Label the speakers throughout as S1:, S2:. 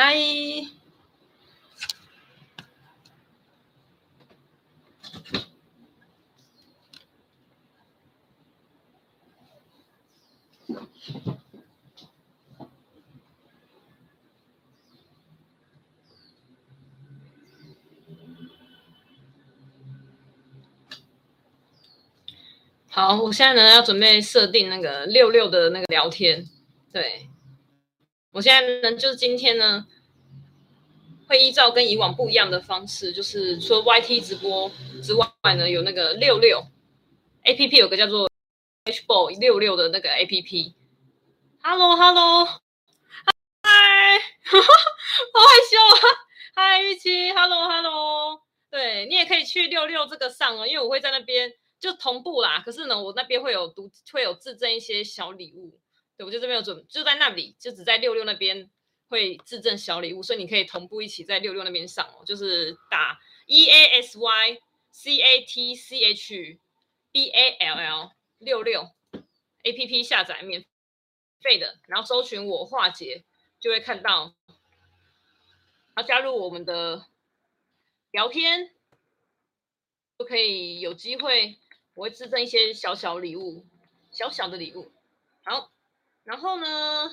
S1: 哎，好，我現在呢要準備設定那個遛遛的那個聊天，對。我現在呢，就是今天呢，會依照跟以往不一樣的方式，就是除了 YT 直播之外呢，有那個遛遛 APP，有個叫做 HBO 遛遛的那個 APP。哈嘍哈嘍，嗨，哈哈，l 好害羞啊，嗨，玉清，哈嘍哈嘍，對，你也可以去遛遛這個上哦，因為我會在那邊就同步啦。可是呢，我那邊會有獨會有自贈一些小禮物。對，我就這邊有準，就在那裡，就只在遛遛那邊會致贈小禮物，所以你可以同步一起在遛遛那邊上哦，就是打 E A S Y C A T C H B A L L 遛遛 A P P 下載免費的，然後搜尋我樺姐，就會看到，他加入我們的聊天，就可以有機會，我會致贈一些小小禮物，小小的禮物，好。然後呢，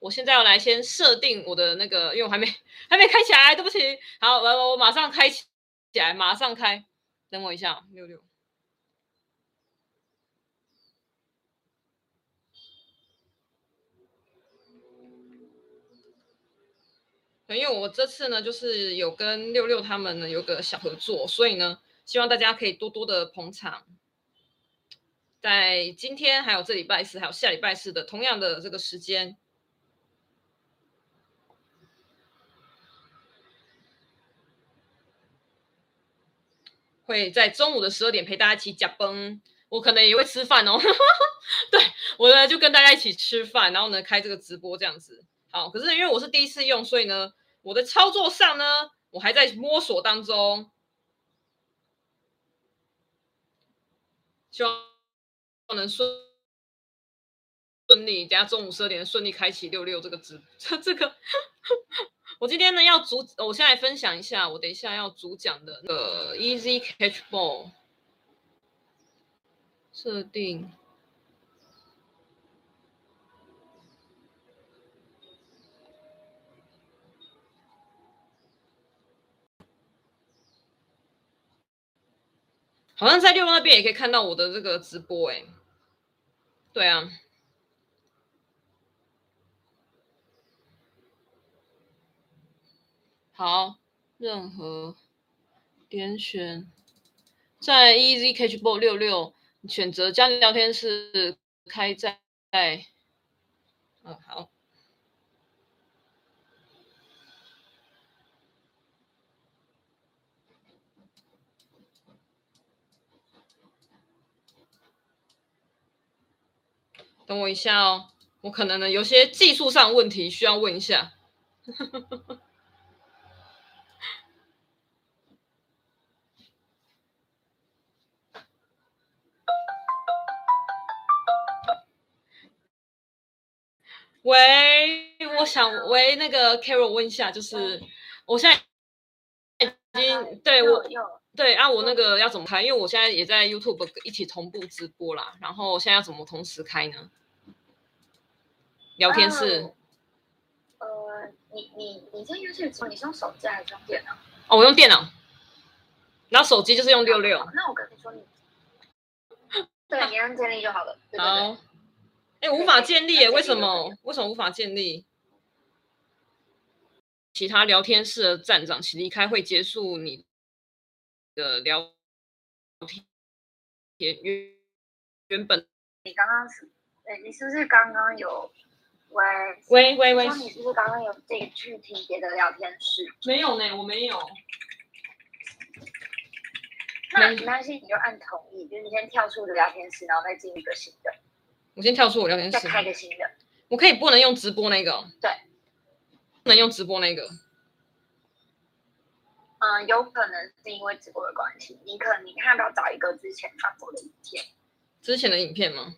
S1: 我現在要來先設定我的那個，因為我還沒還沒開起來，對不起。好，我我馬上開起來，馬上開，等我一下，遛遛。因為，我這次呢，就是有跟遛遛他們呢有個小合作，所以呢，希望大家可以多多的捧場。在今天，還有這禮拜四，還有下禮拜四的同樣的這個時間，會在中午的十二點陪大家一起呷飯。我可能也會吃飯哦 對。對我呢，就跟大家一起吃飯，然後呢，開這個直播這樣子。好，可是因為我是第一次用，所以呢，我的操作上呢，我還在摸索當中。能順順利，等下中午十二點順利開啟遛遛這個直播。這個，我今天呢要主，我先來分享一下我等一下要主講的那個、嗯、Easy Catch Ball 設定好像在遛遛那邊也可以看到我的這個直播、欸，哎。對啊，好，任何點選在 EasyCatchBall 遛遛選擇家裡聊天室開在哦，哦好。等我一下哦，我可能呢有些技術上問題需要問一下。 喂，我想喂那個 Carol 問一下，就是我現在已經對我對啊，我那個要怎麼開？因為我現在也在 YouTube 一起同步直播啦，然後我現在要怎麼同時開呢？聊天室，啊、呃，你你你在用你，你是用手機還是用電腦？哦，我用電腦，然後手機就是用遛遛、啊。那我跟你說你，你 對，你用建立就好了。對對對好，哎、欸，無法建立，、欸欸呃建立，為什麼？為什麼無法建立？其他聊天室的站長，請離開，會結束你的聊天。原原本你剛剛是，哎、欸，你是不是剛剛有？What? 喂喂喂！喂，你是不是剛剛有自己去聽別的聊天室？沒有呢，我沒有。那沒沒關係，你就按同意，就是你先跳出我的聊天室，然後再進一個新的。我先跳出我聊天室，再開個新的。我可以不能用直播那個？對，不能用直播那個。嗯，有可能是因為直播的關係，你可能要不要找一個之前發過的影片？之前的影片嗎？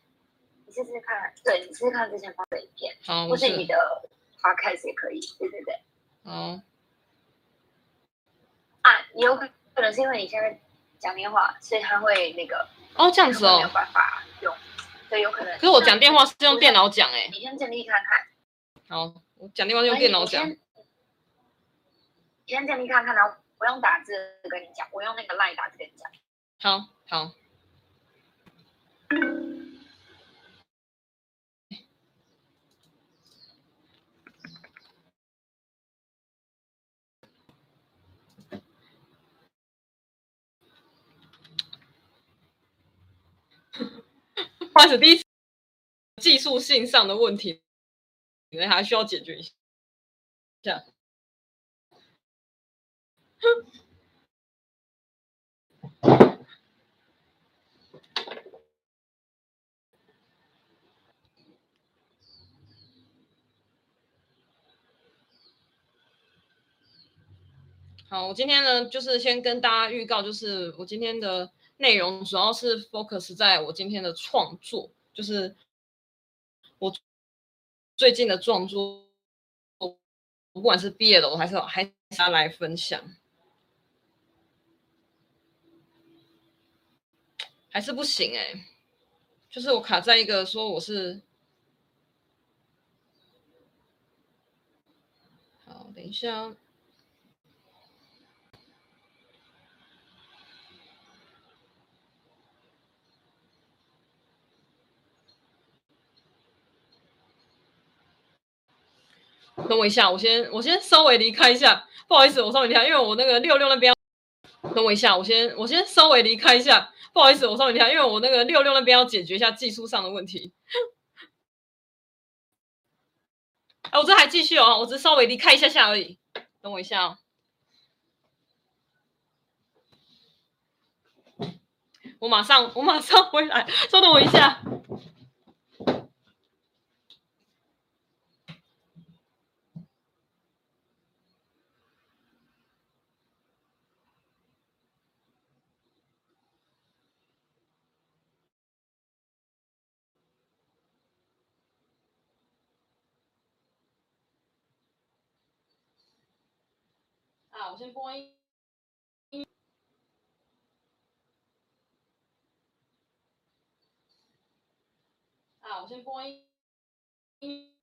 S1: 試試看，對，你試試看之前發的影片，好、oh,，或是你的花開也可以，對對對，好、oh.，啊，有可可能，是因為你現在講電話，所以他會那個哦，oh, 這樣子哦，沒有辦法用，所以有可能，可是我講電話是用電腦講誒，你先建立看看，好、oh,，我講電話用電腦講，你先建立看看，然後不用打字跟你講，我用那個賴打字跟你講，好、oh, oh.，好。 開始第一次技術性上的問題，可能還需要解決一下。好，我今天呢，就是先跟大家預告，就是我今天的。內容主要是 focus 在我今天的創作，就是我最近的創作，我不管是畢業了，我還是要還想來分享，還是不行哎、欸，就是我卡在一個說我是，好，等一下。等我一下，我先我先稍微離開一下，不好意思，我稍微離開，因為我那個遛遛那邊。等我一下，我先我先稍微離開一下，不好意思，我稍微離開，因為我那個遛遛那邊要解決一下技術上的問題。哎，我這還繼續哦，我只稍微離開一下下而已，等我一下哦。我馬上我馬上回來，稍等我一下。啊、我先播音，啊，我先播音。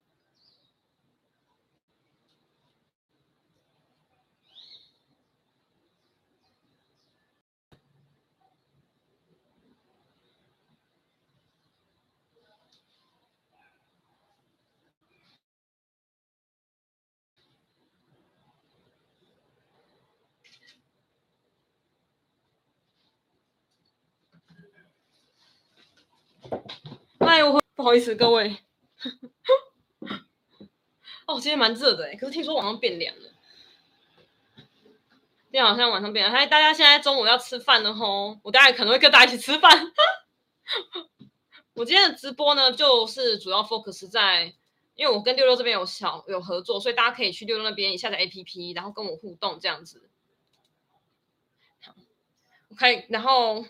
S1: 不好意思，各位。 哦，今天蠻熱的哎，可是聽說晚上變涼了。今天好像晚上變涼，哎，大家現在中午要吃飯了。吼，我大概可能會跟大家一起吃飯。 我今天的直播呢，就是主要 focus 在，因為我跟遛遛這邊有小有合作，所以大家可以去遛遛那邊下載 APP，然後跟我互動這樣子。好，OK，然後。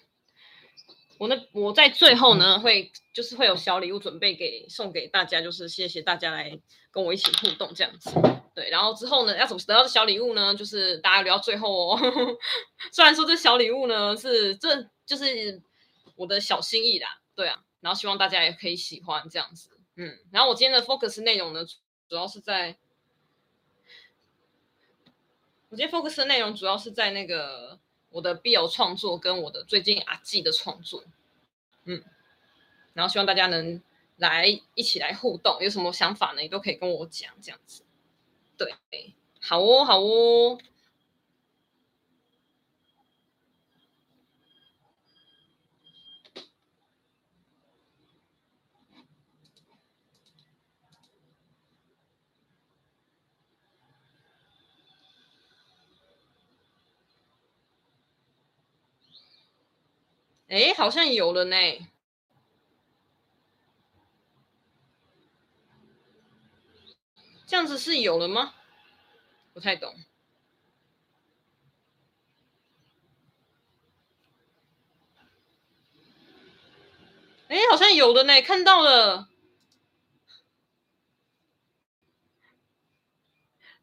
S1: 我，那我在最後呢，會就是會有小禮物準備給送給大家，就是謝謝大家來跟我一起互動這樣子，對。然後之後呢，要怎麼得到的小禮物呢？就是大家留到最後哦呵呵。雖然說這小禮物呢是這就是我的小心意啦，對啊。然後希望大家也可以喜歡這樣子，嗯。然後我今天的 focus 內容呢，主要是在我今天 focus 的內容主要是在那個。我的 BL 創作跟我的最近阿姐的創作，嗯，然後希望大家能來一起來互動，有什麼想法呢？你都可以跟我講，這樣子，對，好哦，好哦。哎，好像有了呢。這樣子是有了嗎？不太懂。哎，好像有了呢，看到了。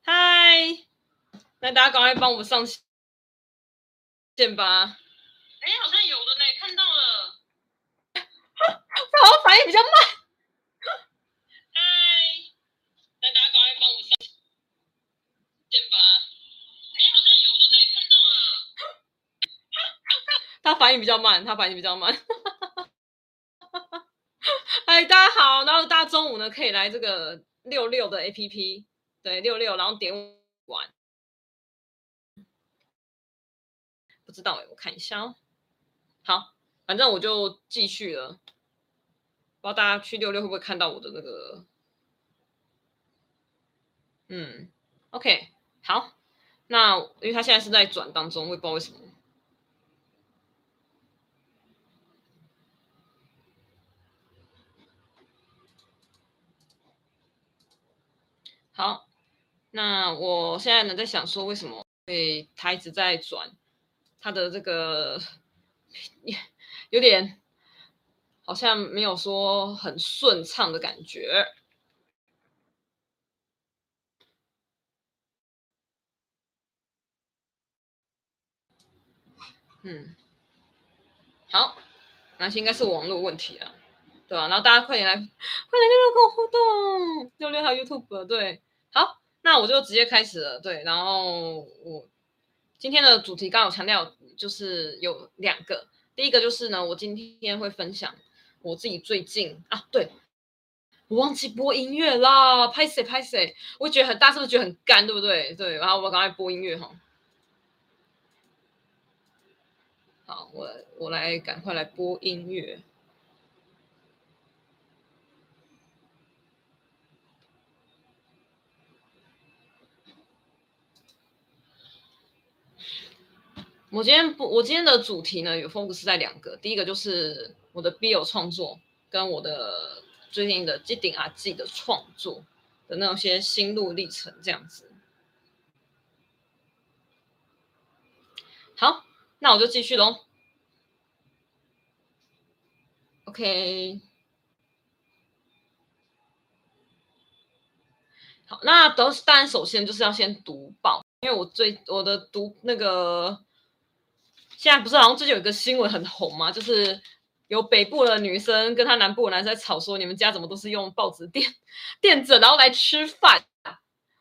S1: 嗨，那大家趕快幫我上線吧。哎，好像有了。反應比較慢。嗨，那大家趕快幫我上點吧。哎，好像有的呢，看到了。他反應比較慢，他反應比較慢。哈哎，大家好，然後大中午呢，可以來這個遛遛的 APP，對，遛遛，然後點我玩。不知道哎、欸，我看一下哦、喔。好，反正我就繼續了。然後大家去遛遛會不會看到我的那個嗯？嗯，OK，好。那因為他現在是在轉當中，我也不知道為什麼。好，那我現在呢在想說，為什麼會他一直在轉，他的這個有點。好像沒有說很順暢的感覺，嗯，好，那些應該是網絡問題啊，對吧？啊？然後大家快點來，快點跟我互動，遛遛號 YouTube，對，好，那我就直接開始了，對，然後我今天的主題剛好強調就是有兩個，第一個就是呢，我今天會分享。我自己最近啊，對，我忘記播音樂啦，拍誰拍誰，我覺得很大，是不是覺得很乾，對不對？對，然後我趕快播音樂哈。好，我來我來趕快來播音樂。我今天不，我今天的主題呢有 focus 在兩個，第一個就是我的 BL 創作跟我的最近的 J d i n R G 的創作的那些心路歷程這樣子。好，那我就繼續嘍。OK。好，那都是當然，首先就是要先讀報，因為我最我的讀那個。現在不是好像最近有一個新聞很紅嘛，就是有北部的女生跟她南部的男生在吵說，你們家怎麼都是用報紙墊墊着，然後來吃飯、啊。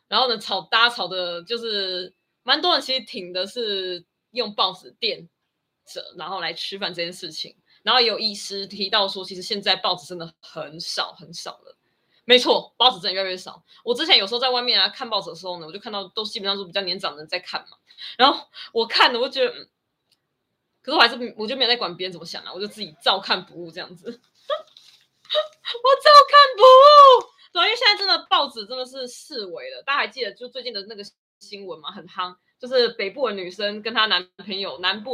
S1: 然後呢，吵大吵的，就是蠻多人其實挺的是用報紙墊着，然後來吃飯這件事情。然後有醫師提到說，其實現在報紙真的很少很少了。沒錯，報紙真的越來越少。我之前有時候在外面啊看報紙的時候呢，我就看到都基本上是比較年長的人在看嘛。然後我看的，我覺得。嗯可是我還是我就沒有在管別人怎麼想啊，我就自己照看不誤這樣子。 我照看不誤，所以現在真的報紙真的是式微了。大家還記得就最近的那個新聞嗎？很夯，就是北部的女生跟她男朋友，南部。